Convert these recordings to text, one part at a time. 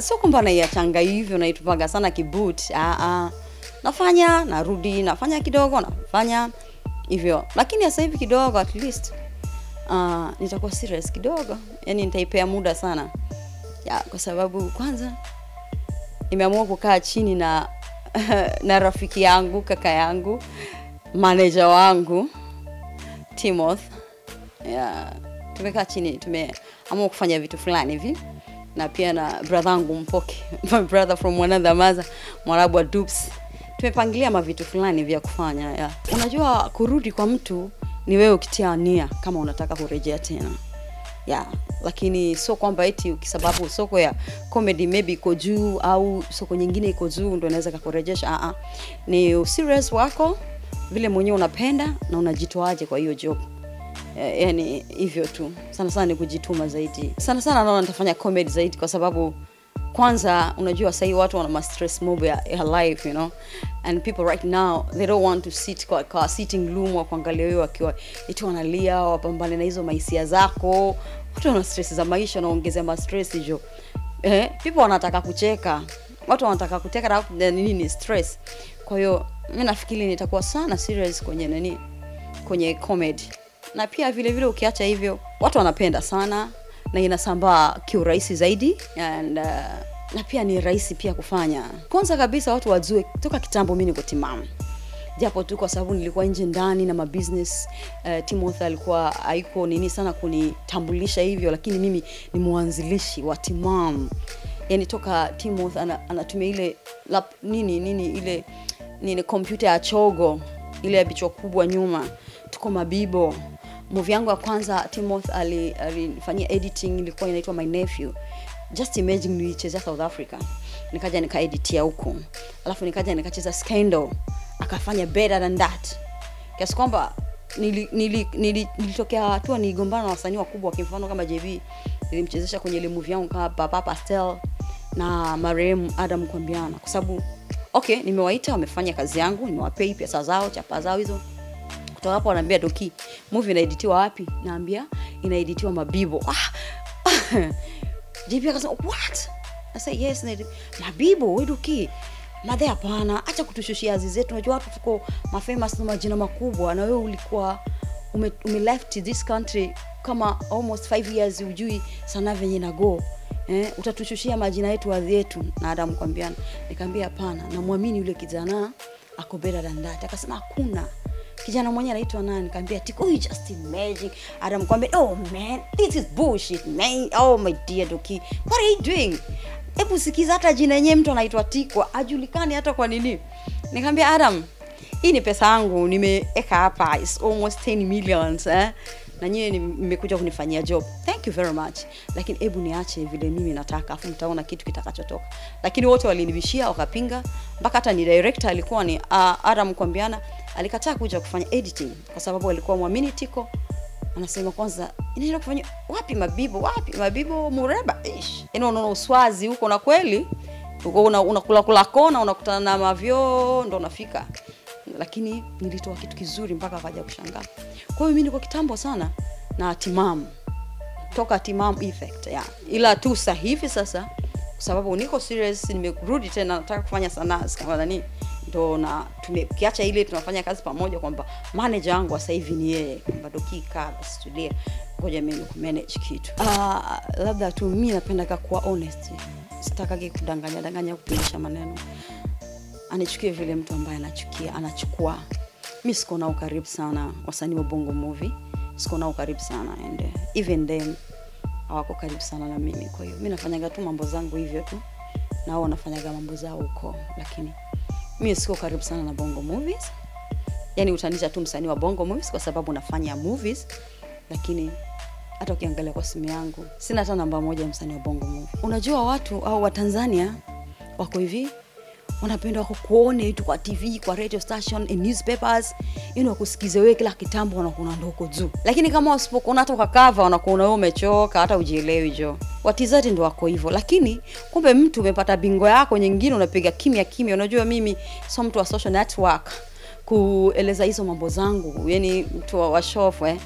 sio kwamba naiachanga hivyo naitupaga sana kibut aa ah, ah. nafanya narudi nafanya kidogo nafanya hivyo lakini sasa hivi kidogo at least uh, nitakuwa serious kidogo yani nitaipea muda sana ya, kwa sababu kwanza nimeamua kukaa chini na na rafiki yangu kaka yangu maneja wangu timoth yeah, tumekaa chini tumeamua kufanya vitu fulani hivi na pia na bradhangu Mpoke, my brother from another mother, Mwarabu wa dups Tumepangilia mavitu fulani vya kufanya ya. Unajua, kurudi kwa mtu ni wewe ukitia nia kama unataka kurejea tena ya lakini sio kwamba eti sababu soko ya comedy maybe iko juu au soko nyingine iko juu ndo inaweza kakurejesha. Ah, ah. ni serious wako vile mwenyewe unapenda na unajitoaje kwa hiyo job. Eh, yani hivyo tu sana sana ni kujituma zaidi sana sana naona nitafanya comedy zaidi kwa sababu kwanza unajua sasa hivi watu wana ma stress mobe ya, ya life you know and people right now they don't want to sit kwa, kwa sitting room wa kuangalia wewe wakiwa eti wanalia wapambane na hizo maisha zako watu wana stress za maisha na ma stress hiyo eh, people wanataka kucheka watu wanataka kucheka na nini ni stress kwa hiyo mimi nafikiri nitakuwa sana serious kwenye nani kwenye comedy na pia vile vile ukiacha hivyo watu wanapenda sana na inasambaa kiurahisi zaidi and, uh, na pia ni rahisi pia kufanya kwanza kabisa watu wajue toka kitambo mi nikotimam japo tu kwa sababu nilikuwa nje ndani na mabusiness uh, timoth alikuwa aiko nini sana kunitambulisha hivyo lakini mimi ni mwanzilishi wa timam yani toka timoth ana, anatumia ile lap, nini nini ile nini kompyuta ya chogo ile ya bichwa kubwa nyuma tuko mabibo movie yangu ya kwanza Timoth alifanyia ali editing ilikuwa inaitwa My Nephew. Just imagine nilichezea South Africa. Nikaja nikaeditia huko. Alafu nikaja nikacheza Scandal. Akafanya better than that. Kiasi kwamba nili, nili, nili, nilitokea hatua niligombana na wasanii wakubwa kwa mfano kama JB nilimchezesha kwenye ile movie yangu kama Papa Pastel na marehemu Adam Kwambiana kwa sababu okay, nimewaita wamefanya kazi yangu, nimewapei pesa zao, chapa zao hizo kutoka hapo anaambia doki movie inaeditiwa wapi naambia inaeditiwa mabibo ah. ah. jp akasema what say, yes na mabibo weduki madhe hapana hacha kutushushia azi zetu unajua watu tuko mafamous na majina makubwa na wewe ulikuwa ume, ume left this country kama almost 5 years ujui sana venye nago eh, utatushushia majina yetu wadhi yetu na adamu kwambiana nikaambia hapana namwamini yule kijana ako better than that akasema hakuna kijana mwenye anaitwa nani Kaambia tiko oh, just magic. imagine atamkwambia oh man this is bullshit man oh my dear doki what are you doing hebu sikiza hata jina yenyewe mtu anaitwa tiko ajulikani hata kwa nini nikamwambia adam hii ni pesa yangu nimeeka hapa is almost 10 millions eh na nyiwe nimekuja kunifanyia job thank you very much lakini hebu niache vile mimi nataka afu mtaona kitu kitakachotoka lakini wote walinibishia wakapinga mpaka hata ni director alikuwa ni uh, adam kwambiana alikataa kuja kufanya editing kwa sababu alikuwa mwamini Tiko. Anasema kwanza inaenda kufanya wapi Mabibo? Wapi Mabibo Mureba? Ish. yani unaona uswazi huko na kweli unakula una kula kona unakutana na mavyo ndo unafika. Lakini nilitoa kitu kizuri mpaka akaja kushangaa. Kwa hiyo mimi niko kitambo sana na timamu toka timamu effect ya ila tu sasa sasa kwa sababu niko serious nimerudi tena nataka kufanya sanaa kama nani ndo na tumekiacha ile tunafanya kazi pamoja kwamba manager wangu sasa hivi ni yeye kwamba dokikaa basi tulia ngoja mimi kumanage kitu uh, labda tu mi napenda kuwa honest sitakage kudanganya danganya kupindisha maneno anichukie vile mtu ambaye anachukia anachukua mi siko nao karibu sana wasanii wa bongo movie siko nao karibu sana and eh, even them hawako karibu sana na mimi kwa hiyo mi nafanyaga tu mambo zangu hivyo tu na wao wanafanyaga mambo zao huko lakini mimi siko karibu sana na bongo movies yani utanisha tu msanii wa bongo movies kwa sababu nafanya movies lakini hata ukiangalia kwa simu yangu sina hata namba moja ya msanii wa bongo movie unajua watu au watanzania wako hivi wanapenda wakukuone tu kwa tv kwa radio station in newspapers yani wakusikize wewe kila kitambo wanakuona ndoko juu lakini kama wasipokuona hata cover wanakuona wewe umechoka hata ujielewi jo watizati ndo wako hivyo lakini kumbe mtu umepata bingo yako nyingine unapiga kimya kimya unajua mimi so mtu wa social network kueleza hizo mambo zangu yani mtu wa washofu eh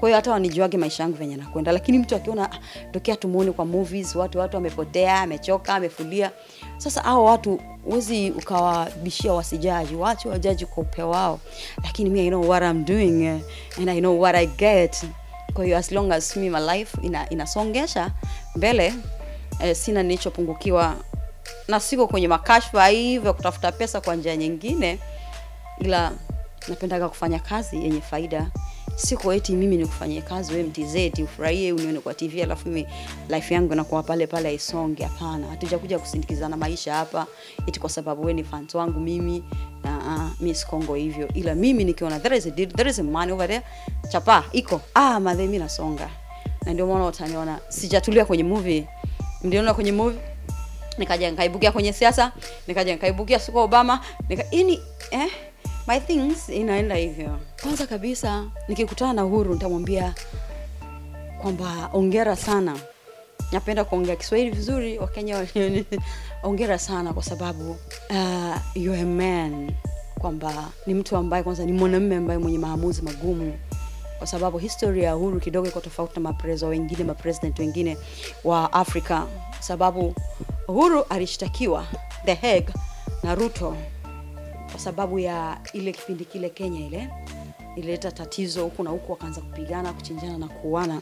kwa hiyo hata wanijuage maisha yangu venye nakwenda lakini mtu akiona ah, tokea tumuone kwa movies watu watu wamepotea amechoka amefulia sasa hao watu wezi ukawabishia wasijaji wache wajaji kwa upeo wao lakini mi i know what i'm doing and i know what i get kwa hiyo as long as mi my life ina, inasongesha mbele eh, sina nilichopungukiwa na siko kwenye makashfa hivyo kutafuta pesa kwa njia nyingine ila napendaga kufanya kazi yenye faida siko eti mimi nikufanyie kazi wewe mtz ufurahie unione kwa tv alafu mimi life yangu inakuwa pale pale isonge hapana hatujakuja kusindikizana maisha hapa eti kwa sababu wewe ni fans wangu mimi na uh, ah, mi sikongo hivyo ila mimi nikiona there is a deal, there is a money over there chapa iko ah madhe mimi nasonga na ndio maana utaniona sijatulia kwenye movie mliona kwenye movie nikaja nikaibukia kwenye siasa nikaja nikaibukia suko obama nika ini eh my things inaenda hivyo. Kwanza kabisa nikikutana na Uhuru nitamwambia kwamba ongera sana. Napenda kuongea Kiswahili vizuri, Wakenya ongera sana kwa sababu uh, you're a man, kwamba ni mtu ambaye kwanza ni mwanamume ambaye mwenye maamuzi magumu kwa sababu historia ya Uhuru kidogo iko tofauti na mapreza wengine, mapresident wengine wa Afrika, sababu Uhuru alishtakiwa The Hague na Ruto kwa sababu ya ile kipindi kile Kenya ile ilileta tatizo huku na huku, wakaanza kupigana, kuchinjana na kuuana,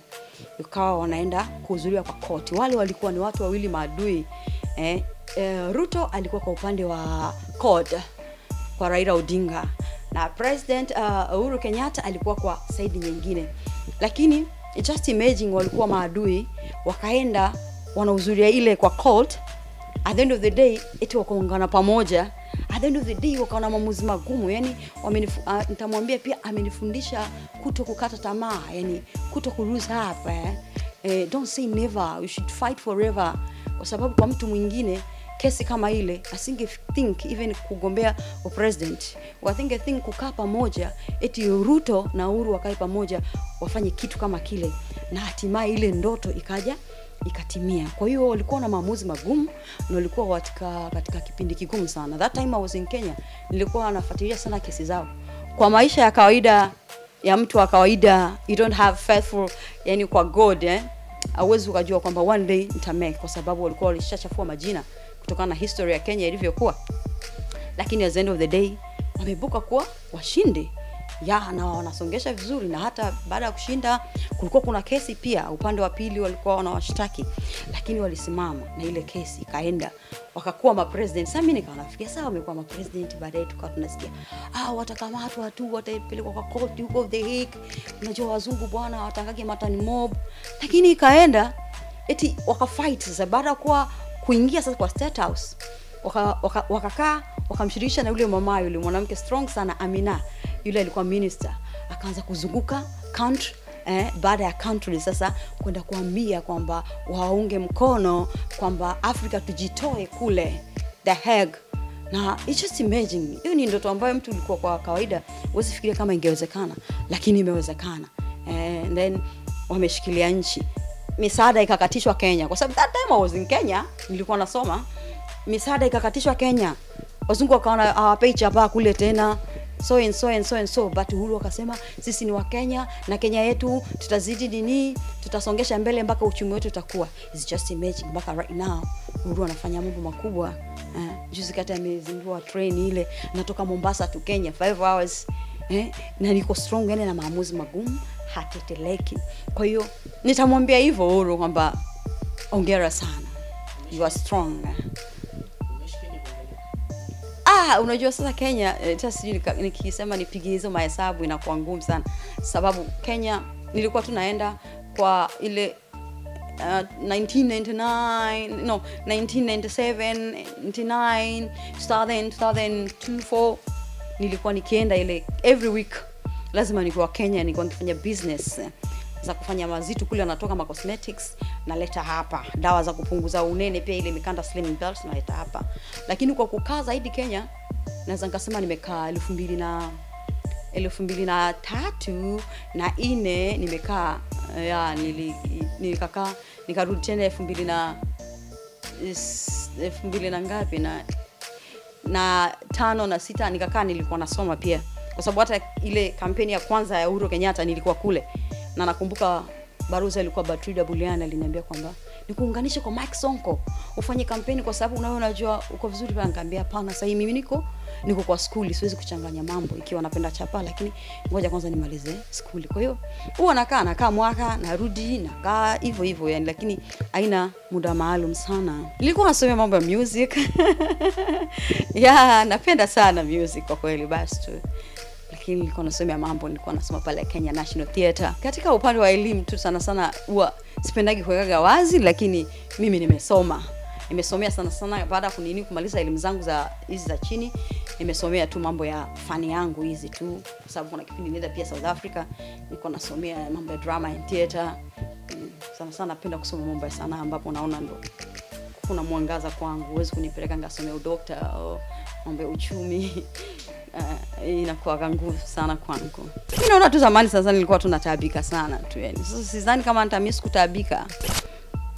ikawa wanaenda kuhudhuriwa kwa koti. Wale walikuwa ni watu wawili maadui eh, eh, Ruto alikuwa kwa upande wa CORD kwa Raila Odinga na President uh, Uhuru Kenyatta alikuwa kwa saidi nyingine, lakini just imagine walikuwa maadui wakaenda wanahudhuria ile kwa court, at the end of the day eti wakaungana pamoja at the end of the day wakaona maamuzi magumu yani uh, nitamwambia pia amenifundisha kuto kukata tamaa yani kuto kuruse hapa eh. Eh, don't say never you should fight forever kwa sababu kwa mtu mwingine kesi kama ile asinge think even kugombea president, wasinge think kukaa pamoja eti ruto na uhuru wakae pamoja wafanye kitu kama kile na hatimaye ile ndoto ikaja ikatimia kwa hiyo walikuwa na maamuzi magumu na walikuwa katika, katika kipindi kigumu sana that time I was in kenya nilikuwa nafuatilia sana kesi zao kwa maisha ya kawaida ya mtu wa kawaida you don't have faithful yani kwa god eh? awezi ukajua kwamba one day nitamake kwa sababu walikuwa walishachafua majina kutokana na history ya kenya ilivyokuwa lakini at the end of the day wamebuka kuwa washindi ya na wanasongesha vizuri, na hata baada ya kushinda kulikuwa kuna kesi pia, upande wa pili walikuwa wanawashtaki, lakini walisimama na ile kesi ikaenda, wakakuwa mapresident. Sasa mimi nikawa nafikia sawa, wamekuwa mapresident. Baadaye tukawa tunasikia ah, watakamatwa tu, watapelekwa kwa court huko The Hague. Unajua wazungu bwana watangage matani mob, lakini ikaenda eti wakafight. Sasa baada ya kuwa kuingia sasa kwa State House wakakaa waka, waka wakamshirikisha na yule mama yule mwanamke strong sana Amina yule alikuwa minister akaanza kuzunguka country eh, baada ya country sasa kwenda kuambia kwamba waunge mkono kwamba afrika tujitoe kule the Hague na it's just imagine hiyo ni ndoto ambayo mtu ulikuwa kwa kawaida huwezi fikiria kama ingewezekana lakini imewezekana and eh, then wameshikilia nchi misaada ikakatishwa kenya kwa sababu that time I was in kenya nilikuwa nasoma misaada ikakatishwa kenya wazungu wakaona hawapei chapaa kule tena so and so and so and so but Uhuru akasema sisi ni wa Kenya na Kenya yetu tutazidi nini, tutasongesha mbele mpaka uchumi wetu utakuwa. is just imagine mpaka right now Uhuru anafanya mambo makubwa uh, juzi kati amezindua train ile natoka Mombasa tu Kenya 5 hours eh, na niko strong yani na maamuzi magumu hateteleki. Kwa hiyo nitamwambia hivyo Uhuru kwamba ongera sana, you are strong ah, unajua sasa Kenya eh, hata eh, sijui nikisema nipige hizo mahesabu inakuwa ngumu sana, sababu Kenya nilikuwa tunaenda kwa ile uh, eh, 1999 no 1997 99 2004 nilikuwa nikienda ile every week lazima nikuwa Kenya nilikuwa nikifanya business eh, za kufanya mazitu kule anatoka ma cosmetics naleta hapa, dawa za kupunguza unene pia ile mikanda slim belt naleta hapa, lakini kwa kukaa zaidi Kenya naweza nikasema nimekaa elfu mbili na elfu mbili na tatu na nne nimekaa ya nili, nikarudi tena elfu mbili na elfu mbili na ngapi na na tano na sita nikakaa nilikuwa nasoma pia, kwa sababu hata ile kampeni ya kwanza ya Uhuru Kenyatta nilikuwa kule na nakumbuka baruza ilikuwa Batrida Buliana aliniambia kwamba nikuunganishe kwa Mike Sonko ufanye kampeni kwa sababu unawe unajua uko vizuri pale. Nikamwambia hapana, sasa mimi niko niko kwa skuli, siwezi kuchanganya mambo ikiwa napenda chapa, lakini ngoja kwanza nimalize skuli. Kwa hiyo huwa nakaa nakaa mwaka narudi nakaa hivyo hivyo yani, lakini haina muda maalum sana. Nilikuwa nasomea mambo ya music ya yeah, napenda sana music kwa kweli, basi tu lakini nilikuwa nasomea mambo nilikuwa nasoma pale kenya national theatre katika upande wa elimu tu sana sana huwa sipendagi kuwekaga wazi lakini mimi nimesoma nimesomea sana sana baada ya kunini kumaliza elimu zangu za hizi za chini nimesomea tu mambo ya fani yangu hizi tu kwa sababu kuna kipindi nienda pia south africa nilikuwa nasomea mambo ya drama and theatre mm, sana sana napenda kusoma mambo ya sanaa ambapo naona ndo kuna mwangaza kwangu huwezi kunipeleka ngasomea udokta oh, mambo ya uchumi uh, eh, eh, inakuwaga nguvu sana kwangu. Mimi naona tu zamani sasa nilikuwa tu natabika sana tu yani. Sasa sidhani kama nitamisi kutabika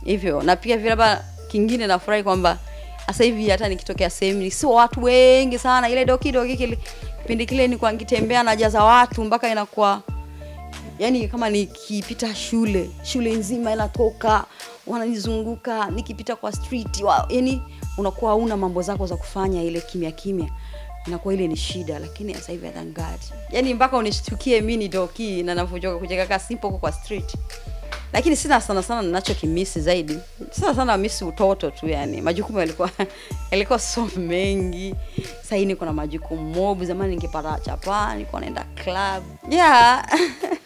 Hivyo na pia vile labda kingine nafurahi kwamba sasa hivi hata nikitokea sehemu sio watu wengi sana, ile doki doki kile kipindi kile nilikuwa nikitembea najaza watu mpaka inakuwa yani kama nikipita shule shule nzima inatoka wananizunguka nikipita kwa street wa, yani unakuwa una mambo zako za kufanya ile kimya kimya inakuwa ile ni shida, lakini sasa hivi thank yani mpaka unishtukie mimi ni na navunjoka kucheka kaka kwa street lakini sina sana sana kimisi zaidi sana sana misi utoto tu yani majukumu yalikuwa yalikuwa so mengi sahii niko na majukumu mobu zamani ningepata chapaa nikuwa naenda club yeah